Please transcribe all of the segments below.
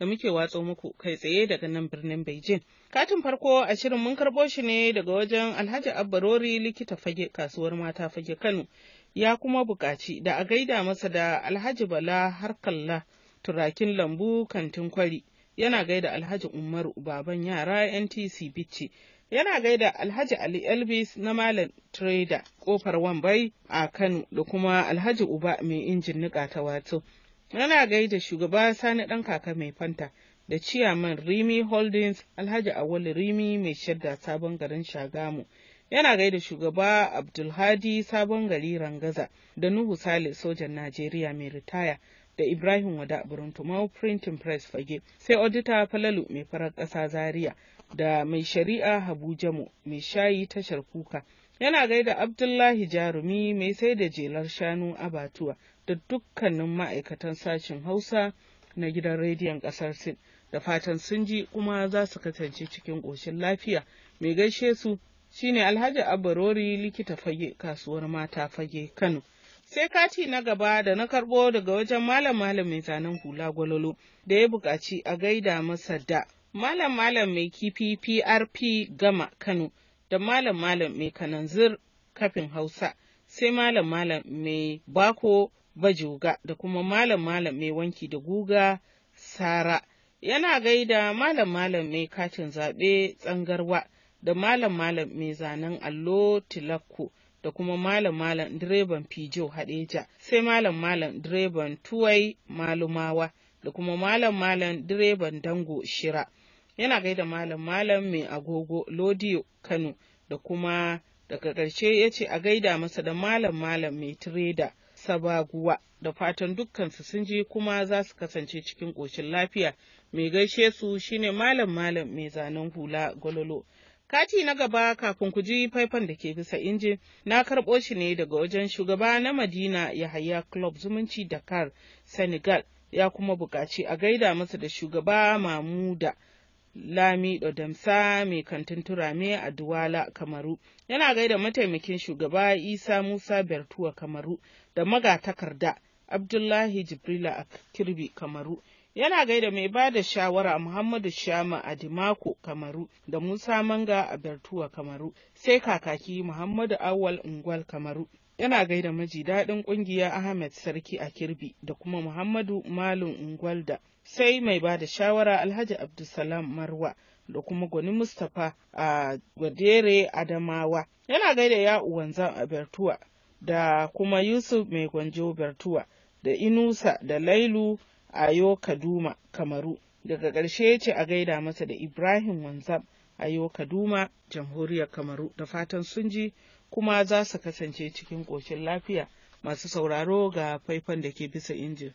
da muke watso muku kai tsaye daga nan birnin Beijing. Katin farko a shirin mun karbo shi ne daga wajen Alhaji Abbarori likita fage kasuwar mata fage Kano. Ya kuma buƙaci da a gaida masa da Alhaji Bala Harkalla turakin lambu kantin kwari. Yana gaida Alhaji Umaru baban yara NTC Bicci. Yana gaida Alhaji Ali Elvis na Malam Trader kofar Wambai a Kano da kuma Alhaji Uba mai injin niƙa ta wato. Muna gaida shugaba Sani ɗan kaka mai fanta da ciyaman Rimi Holdings Alhaji Awali Rimi mai shadda sabon garin Shagamu. Yana gaida shugaba Abdulhadi sabon gari Rangaza da Nuhu Sale sojan Najeriya mai ritaya da Ibrahim Wada Buruntumau Printing Press Fage sai Odita Falalu mai farar ƙasa Zaria da mai shari'a Habu Jamo mai shayi tashar kuka. Yana gaida Abdullahi Jarumi mai sai da jelar shanu abatuwa da dukkanin ma'aikatan sashen Hausa na gidan rediyon ƙasar Sin. Da fatan sun ji kuma za su kasance cikin ƙoshin lafiya. Mai gaishe su shine Alhaji Abarori likita fage kasuwar mata fage Kano. Sai kati na gaba da na karɓo daga wajen malam malam mai zanen hula gwalolo da ya buƙaci a gaida masa da malam malam mai kifi PRP gama Kano da malam malam mai kananzir kafin Hausa. sai malam malam mai bako bajuga da kuma malam malam mai wanki da guga sara yana gaida malam malam mai katin zaɓe tsangarwa da malam malam mai zanen allo tilakku da kuma malam malam direban fijo hadeja sai malam malam direban tuwai malumawa da kuma malam malam direban dango shira yana gaida malam malam mai agogo lodiyo kano da kuma daga ƙarshe ya ce a gaida masa da malam malam mai tireda Sabaguwa da fatan dukkansu sun ji kuma za su kasance cikin ƙoshin lafiya. Mai gaishe su shine Malam Malam mai zanen hula Gololo. Kati na gaba kafin ku ji faifan da ke bisa injin na karɓo shi ne daga wajen shugaba na Madina Yahaya Club Zumunci Dakar, Senegal ya kuma buƙaci a gaida masa da shugaba Mamuda Lami dodamsa mai kantin turame a Duwala, Kamaru, yana gaida mataimakin shugaba Isa Musa Bertuwa Kamaru da magatakarda Abdullahi Jibrila a Kirbi, Kamaru. Yana gaida mai ba da shawara Muhammadu Shama a Dimako, Kamaru da Musa Manga a Bertuwa, Kamaru, sai kakaki Muhammadu Awal Ungwal, Kamaru. yana gaida maji daɗin ƙungiya Ahmed Sarki a Kirbi da kuma Muhammadu Malum da. sai mai ba da shawara alhaji abdulsalam marwa da kuma gwani mustapha a gwadere adamawa yana gaida ya uwanzan a bertuwa da kuma yusuf mai gwanjo bertuwa da inusa da lailu yo kaduma kamaru daga ƙarshe ce a gaida masa da ibrahim wanzam yo kaduma jamhuriyar kamaru da fatan sun ji kuma za su kasance cikin ƙoshin lafiya masu sauraro ga faifan da ke bisa injin.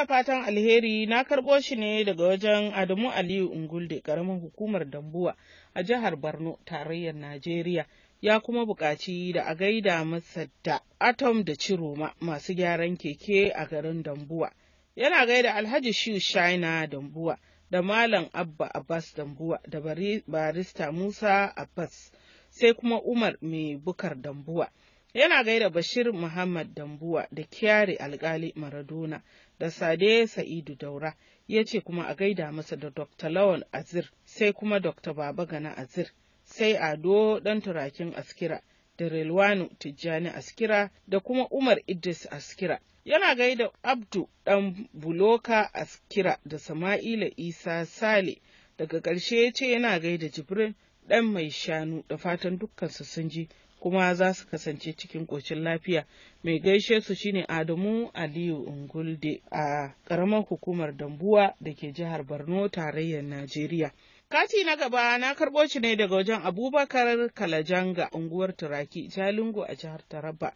da fatan alheri na karɓo shi ne daga wajen Adamu Aliyu Ungulde ƙaramin hukumar Dambuwa a jihar Borno tarayyar Najeriya ya kuma buƙaci da a gaida masa da Atom da Ciroma masu gyaran keke a garin Dambuwa. Yana gaida Alhaji Shiu Shaina Dambuwa da Malam Abba Abbas Dambuwa da Barista Musa Abbas sai kuma Umar mai bukar Dambuwa. yana gaida Bashir Muhammad Dambuwa da kyare Alkali Maradona da Sade Sa'idu Daura ya ce kuma a gaida masa da Dr. Lawan Azir sai kuma Dr. Baba Gana Azir sai Ado ɗan turakin Askira da Relwanu Tijjani Askira da kuma Umar Idris Askira. Yana gaida Abdu ɗan Buloka Askira da Sama'ila Isa Sale daga ƙarshe ya ce yana gaida Jibrin ɗan mai shanu da fatan dukkansu sun ji kuma za su kasance cikin ƙoshin lafiya mai gaishe su shine adamu aliyu ungulde a ƙaramar hukumar dambuwa da ke jihar borno tarayyar najeriya Kati na gaba na karɓo shi ne daga wajen Abubakar Kalajanga unguwar Turaki, Jalingo a jihar Taraba.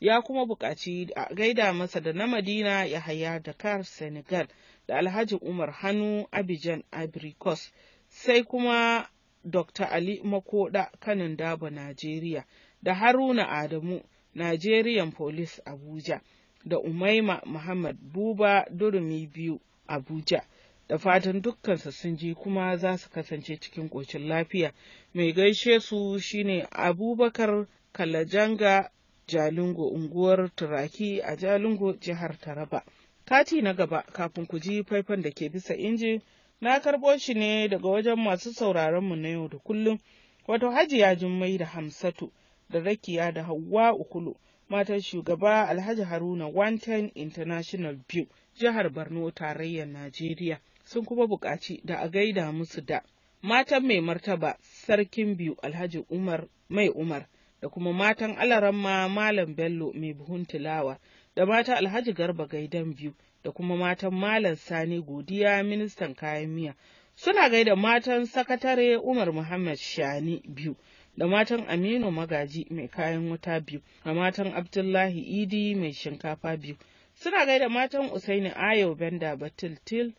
Ya kuma buƙaci a gaida masa da na Madina ya haya Dakar Senegal da Alhaji Umar Hannu abijan abricos sai kuma Dr. Ali Makoda kanin Dabo Najeriya da Haruna Adamu, Nigerian Police Abuja, da Umaima Muhammad Buba Durumi biyu Abuja. Da fatan dukkansa sun ji kuma za su kasance cikin ƙocin lafiya. Mai gaishe su shine Abubakar Kalajanga Jalingo unguwar Turaki a Jalingo jihar Taraba. Kati na gaba kafin ku ji faifan da ke bisa inji na karɓo shi ne daga wajen masu sauraronmu na yau da kullum wato hajiya jummai da hamsatu da Rakiya da Hauwa Ukulu, matan shugaba Alhaji Haruna 110 International View, jihar Borno tarayyar Najeriya. Sun kuma buƙaci da a gaida musu da matan mai martaba sarkin biyu Alhaji Umar mai Umar da kuma matan alaramma Malam Bello mai buhun tilawa da mata Alhaji Garba Gaidan biyu da kuma matan Malam Sani Godiya ministan kayan miya. Suna gaida matan sakatare Umar Muhammad Shani biyu. da matan Aminu Magaji mai kayan wuta biyu da matan Abdullahi Idi mai shinkafa biyu. Suna gaida matan Usaini Ayo Benda Batil Til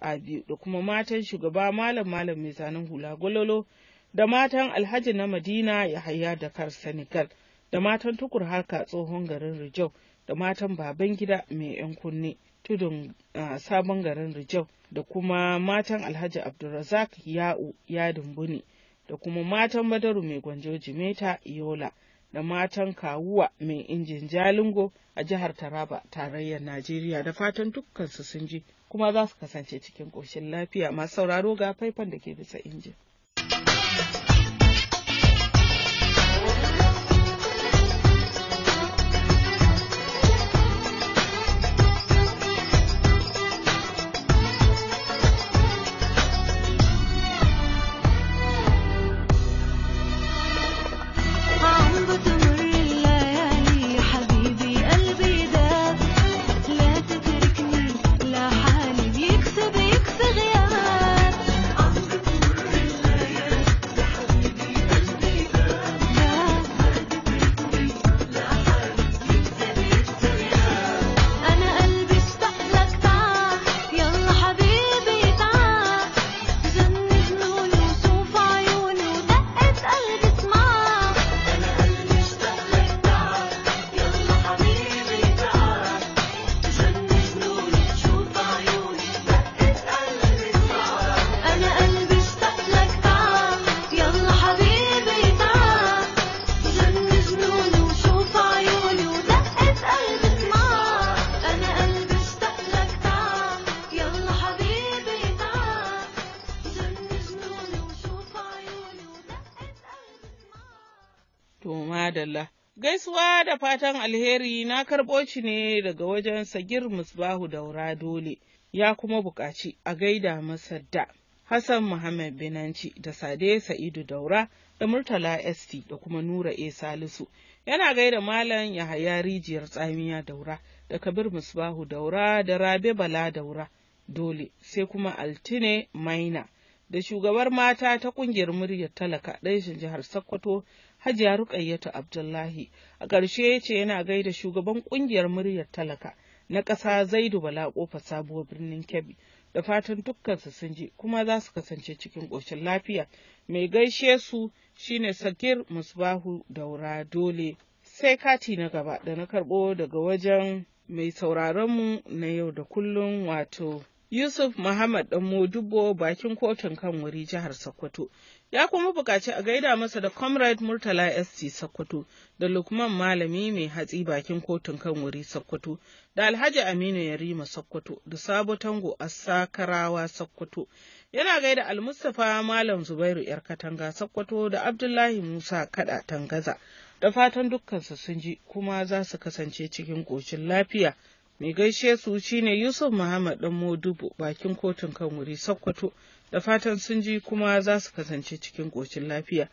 a biyu da kuma matan shugaba Malam Malam mai zanen hula gololo da matan Alhaji na Madina Yahaya kar Senegal da matan tukur harka tsohon garin Rijau da matan baban gida mai 'yan kunne tudun sabon garin Rijau da kuma matan Alhaji Abdulrazak Ya'u ya dumbuni da kuma matan Badaru mai gwanjo Jimeta Iyola, da matan Kawuwa mai injin Jalingo a jihar Taraba tarayyar Najeriya da fatan dukkansu sun ji kuma za su kasance cikin ƙoshin lafiya masu sauraro ga faifan da ke bisa injin. fatan alheri na karɓo shi ne daga wajen Sagir Musbahu Daura Dole, ya kuma buƙaci a gaida masa da Hassan Muhammad Binanci da Sade Sa'idu Daura da Murtala ST da kuma Nura A Salisu. Yana gaida Malam Yahaya Rijiyar Tsamiya Daura da Kabir Musbahu Daura da Rabe Bala Daura Dole sai kuma Altine Maina. da shugabar mata ta ƙungiyar muryar talaka ɗaishin jihar Sokoto Hajiya Ruƙayyatu Abdullahi. A ƙarshe ya ce yana gaida shugaban ƙungiyar muryar talaka na ƙasa Zaidu Bala ƙofa sabuwar birnin Kebbi. Da fatan su sun ji kuma za su kasance cikin ƙoshin lafiya. Mai gaishe su shine Sakir Musbahu Daura Dole. Sai kati na gaba da na karɓo daga wajen mai sauraronmu na yau da kullum wato Yusuf Muhammad ɗan Modubo bakin kotun kan wuri jihar Sokoto ya kuma buƙaci a gaida masa da comrade murtala sc sokoto da lukman malami mai hatsi bakin kotun kan wuri sokoto da alhaji aminu yarima sokoto da sabo tango asakarawa sokoto yana gaida almustapha malam zubairu yar katanga sokoto da abdullahi musa kada tangaza da fatan su sun ji kuma za su kasance cikin ƙoshin lafiya mai gaishe su shine yusuf muhammad dan modubo bakin kotun kan wuri sokoto da fatan sun ji kuma za su kasance cikin ƙocin lafiya.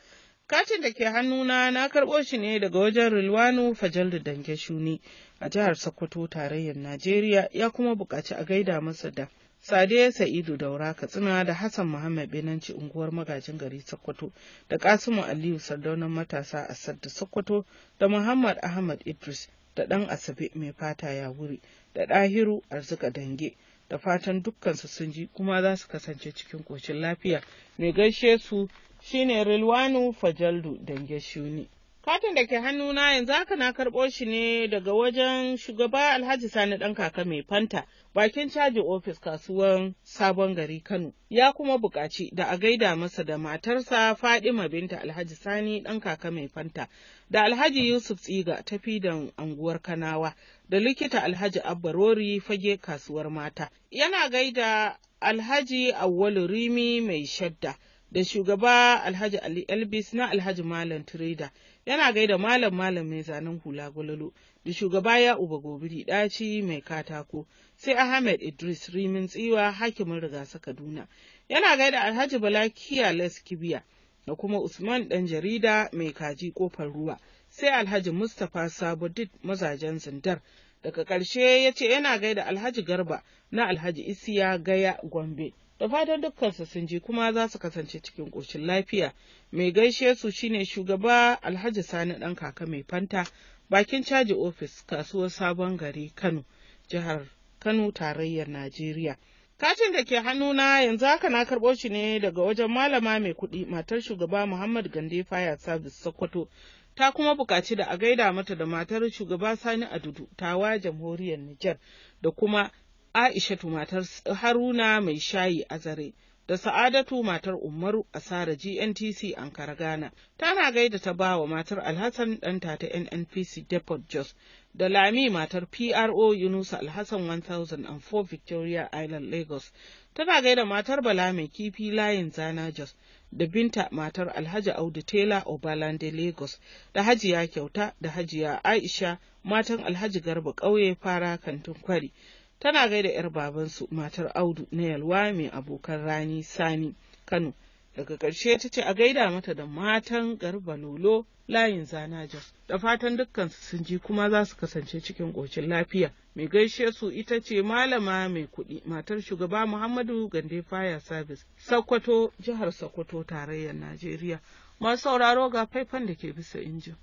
Katin da ke hannuna na karɓo shi ne daga wajen Rilwanu da Dange Shuni a jihar Sokoto tarayyar Najeriya ya kuma buƙaci a gaida masa da Sade Sa'idu Daura Katsina da Hassan Muhammad Benanci unguwar magajin gari Sokoto da Kasimu Aliyu Sardaunan matasa a Sadda Sokoto da Muhammad Ahmad Idris da ɗan Asabe mai fata ya wuri da ɗahiru arzika dange da fatan dukkansu sun ji kuma za su kasance cikin ƙoshin lafiya mai gaishe su shine rilwanu fajaldu dange shuni katin da ke hannu na yanzu haka na karɓo shi ne daga wajen shugaba alhaji sani ɗan kaka mai fanta bakin caji ofis kasuwan sabon gari kano ya kuma buƙaci da a gaida masa da matarsa fadima binta alhaji sani ɗan kaka mai fanta da alhaji yusuf tsiga ta fidan anguwar kanawa da likita Alhaji Abbarori fage kasuwar mata. Yana gaida Alhaji Awwalu Rimi mai shadda da shugaba Alhaji Ali Elbis na Alhaji Malam Trader. Yana gaida Malam Malam mai zanen hula gwalolo da shugaba ya uba gobiri ɗaci mai katako sai Ahmed Idris Rimin tsiwa hakimin rigasa Kaduna. Yana gaida Alhaji Balakiya Kiyales Kibiya da kuma Usman ɗan jarida mai kaji kofar ruwa. sai Alhaji Mustapha Sabudit mazajen Zindar Daga ƙarshe ya ce yana gaida Alhaji Garba na Alhaji Isiya Gaya Gombe. Da fatan dukkansu sun ji kuma za su kasance cikin ƙoshin lafiya. Mai gaishe su shine shugaba Alhaji Sani ɗan kaka mai fanta bakin caji ofis kasuwar sabon gari Kano, jihar Kano tarayyar Najeriya. Katin da ke hannuna yanzu haka na karɓo shi ne daga wajen malama mai kuɗi matar shugaba Muhammad Gande faya sabis Sokoto ta kuma buƙaci da a gaida mata da matar shugaba Sani Adudu tawa jamhuriyar Nijar da kuma Aishatu matar Haruna mai shayi a zare. da Sa'adatu matar Umaru Asara GNTC Ankara Ghana. Tana gaida ta ba wa matar Alhassan ɗanta ta NNPC Depot Jos da Lami matar PRO Yunusa Alhassan 1004 Victoria Island Lagos. Tana gaida matar Bala mai kifi layin Zana Jos da binta matar alhaji audu tela obalande lagos da hajiya kyauta da hajiya aisha matan alhaji garba ƙauye fara kantin kwari tana gaida 'yar babansu matar audu na yalwa mai abokan rani sani kano daga ƙarshe ta ce a gaida mata da matan garba lolo layin Jos, da fatan dukkan sun ji kuma za su kasance cikin ƙocin lafiya mai gaishe su ita ce malama mai kuɗi matar shugaba muhammadu gande fire service sokoto jihar sokoto tarayyar najeriya masu sauraro ga faifan da ke bisa injin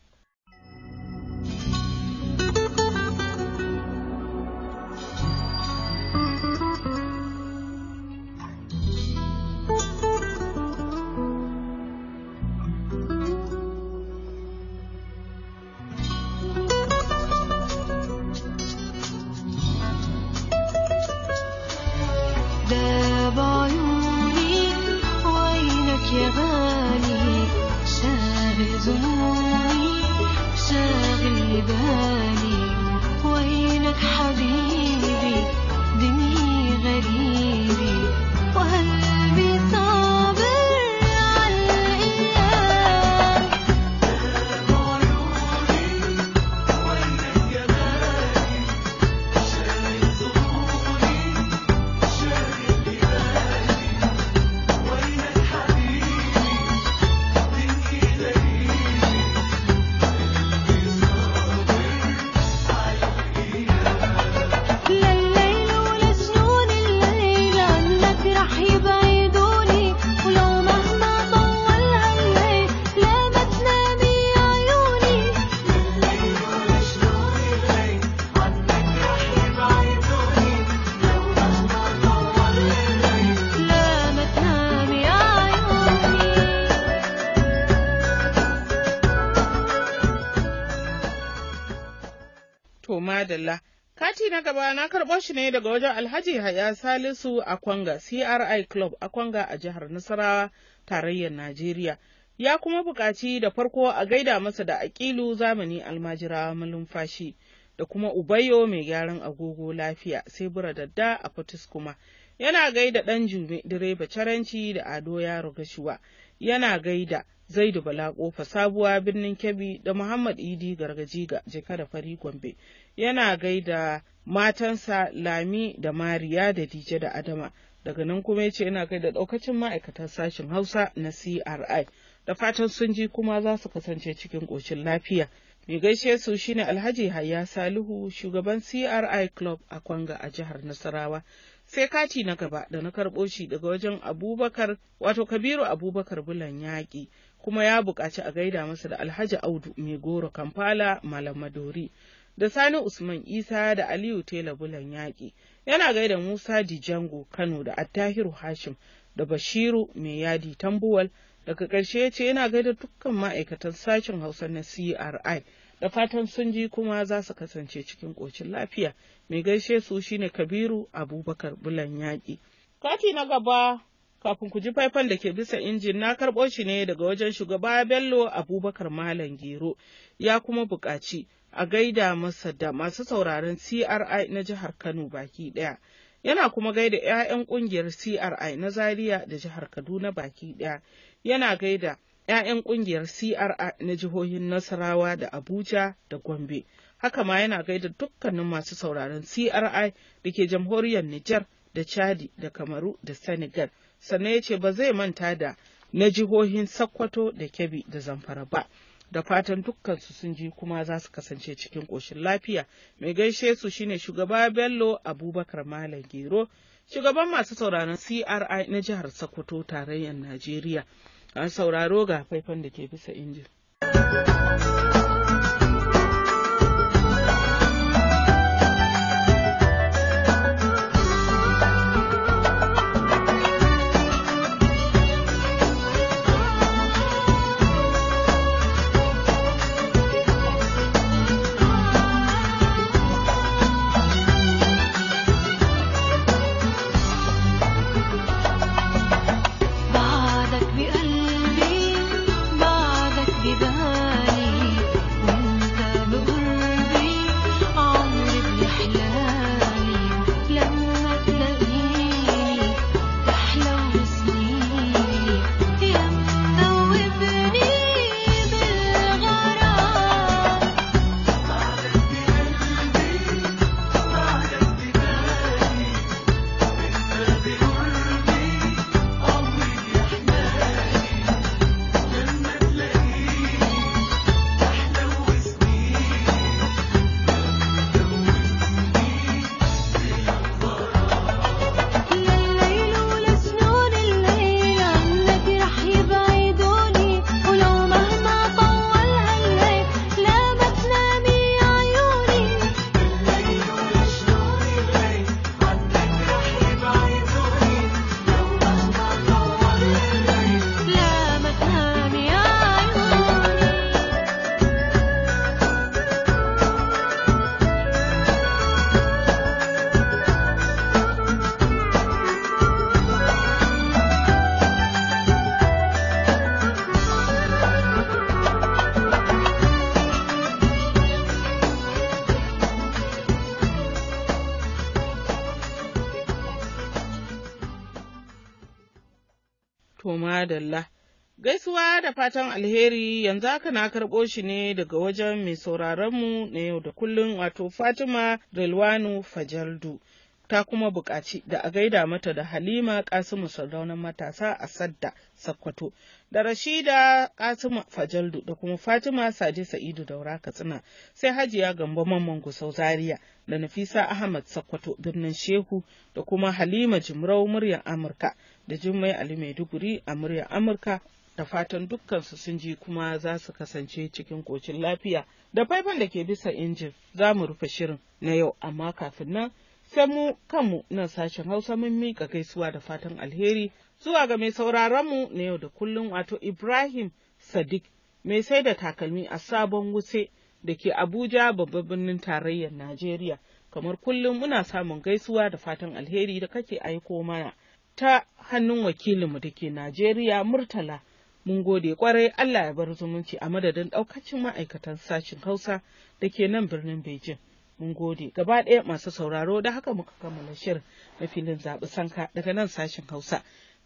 na gaba na karɓo shi ne daga wajen Alhaji Haya Salisu a Kwanga CRI Club a Kwanga a jihar Nasarawa tarayyar Najeriya. Ya kuma buƙaci da farko a gaida masa da aƙilu zamani almajirawa malumfashi da kuma Ubayo mai gyaran agogo lafiya sai bura dadda a Fatis kuma. Yana gaida ɗan Jume direba caranci da Ado Yaro Gashuwa. Yana gaida Zaidu Bala Kofa Sabuwa Birnin Kebbi da Muhammad Idi Gargajiga Jeka da Fari Gombe yana gaida matansa Lami da Mariya da Dije da Adama. Daga nan kuma ya ce yana kai da ɗaukacin ma'aikatan sashen Hausa na CRI. Da fatan sun ji kuma za su kasance cikin ƙoshin lafiya. Mai gaishe su shine Alhaji Hayya Salihu shugaban CRI Club a Kwanga a jihar Nasarawa. Sai kati na gaba da na karɓo shi daga wajen Abubakar wato Kabiru Abubakar Bulan Yaƙi kuma ya buƙaci a gaida masa da Alhaji Audu Mai Goro Kampala madori. da Sani Usman Isa da Aliyu Tela Bulan Yaƙi yana gaida Musa Dijango Kano da Attahiru Hashim da Bashiru Mai Yadi Tambuwal daga ƙarshe ya ce yana gaida dukkan ma'aikatan sashen Hausa na CRI da fatan sun ji kuma za su kasance cikin ƙocin lafiya mai gaishe su shine Kabiru Abubakar Bulan Yaƙi. Kati na gaba kafin ku ji faifan da ke bisa injin na karɓo shi ne daga wajen shugaba Bello Abubakar Malam Gero ya kuma buƙaci a gaida masa da masu sauraron CRI na jihar Kano baki ɗaya. Yana kuma gaida 'ya'yan ƙungiyar CRI na Zaria da jihar Kaduna baki ɗaya. Yana gaida 'ya'yan ƙungiyar CRI na jihohin Nasarawa da Abuja da Gombe. Haka ma yana gaida dukkanin masu sauraron CRI da ke jamhuriyar Nijar da Chadi da Kamaru da Senegal. Sannan ya ce ba zai manta da na jihohin Sokoto da Kebbi da Zamfara ba. da fatan dukkansu sun ji kuma za su kasance cikin ƙoshin lafiya mai gaishe su shine shugaba bello abubakar malam gero shugaban masu sauraron cri na jihar sokoto tarayyar najeriya an sauraro ga faifan da ke bisa injin. fatan alheri yanzu haka na karɓo shi ne daga wajen mai sauraronmu na yau da kullum wato Fatima Rilwanu Fajardu. Ta kuma buƙaci da a gaida mata da Halima Kasimu Sardaunan Matasa a Sadda Sakkwato, da Rashida Kasimu Fajaldu da kuma Fatima Sadi Sa'idu Daura Katsina, sai Hajiya Gambo Mamman Gusau Zaria da Nafisa Ahmad Sakkwato birnin Shehu da kuma Halima Jimrau muryar Amurka da Jummai Ali Maiduguri a muryar Amurka da fatan dukkansu sun ji kuma za su kasance cikin kocin lafiya da faifan da ke bisa injin za mu rufe shirin na yau amma kafin nan sai mu kanmu nan sashen hausa mun miƙa gaisuwa da fatan alheri zuwa ga mai sauraronmu na yau da kullum wato ibrahim sadiq mai sai da takalmi a sabon wuse da ke abuja babban birnin tarayyar najeriya kamar kullum muna samun gaisuwa da fatan alheri da kake aiko mana ta hannun wakilinmu da ke najeriya murtala Mun gode kwarai Allah ya bar zumunci a madadin ɗaukacin ma'aikatan sashin Hausa da ke nan birnin Bejin. Mun gode gaba ɗaya masu sauraro da haka muka kammala shirin na filin zaɓi sanka daga nan sashin Hausa.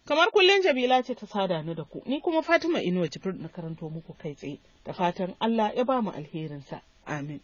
Kamar kullum Jamila ce ta sada ni da ku, ni kuma Fatima Inuwa Jibril na karanto muku kai tsaye, da fatan Allah ya ba mu alherinsa. Amin.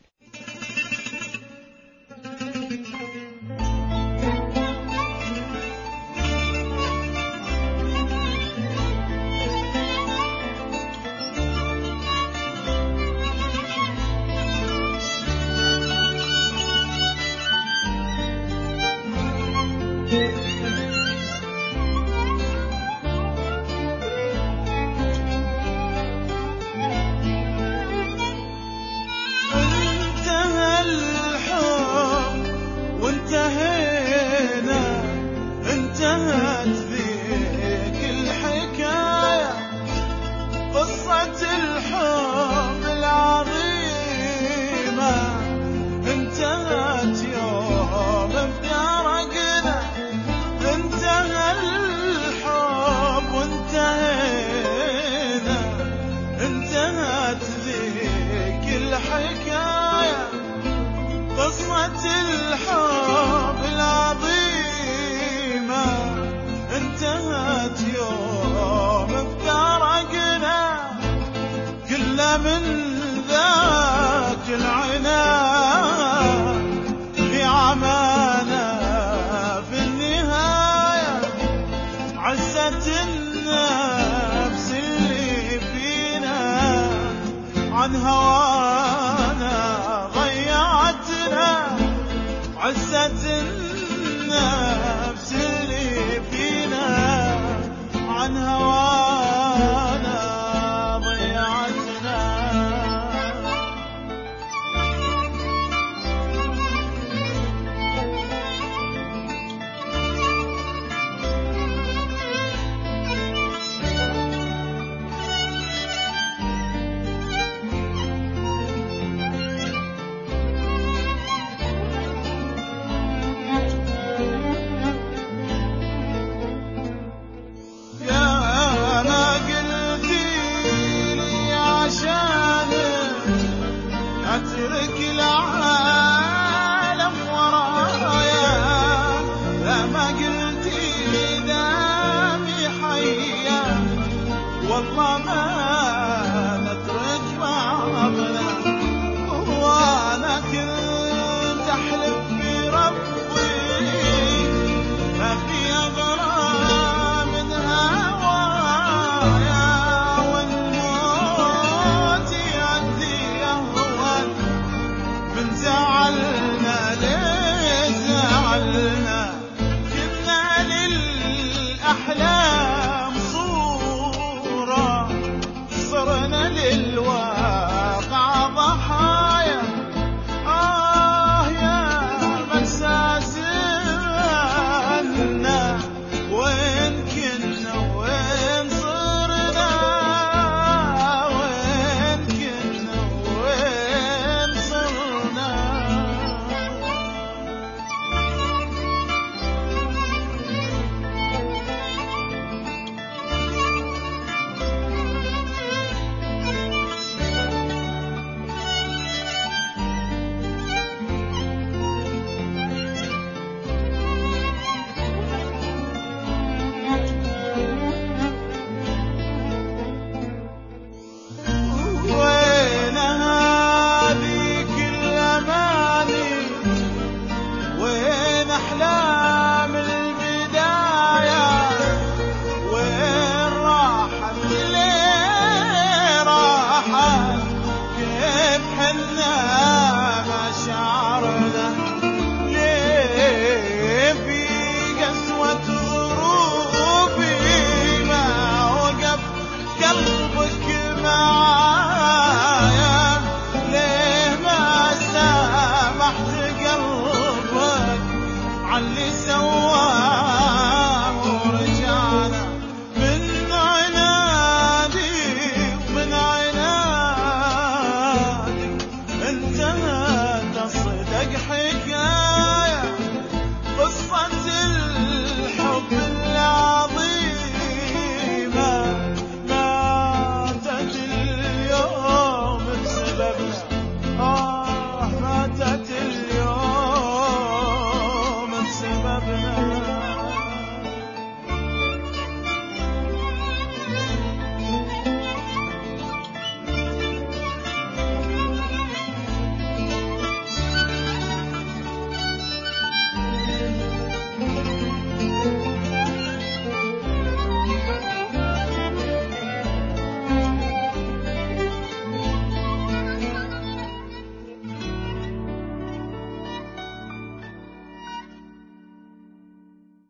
الحجاب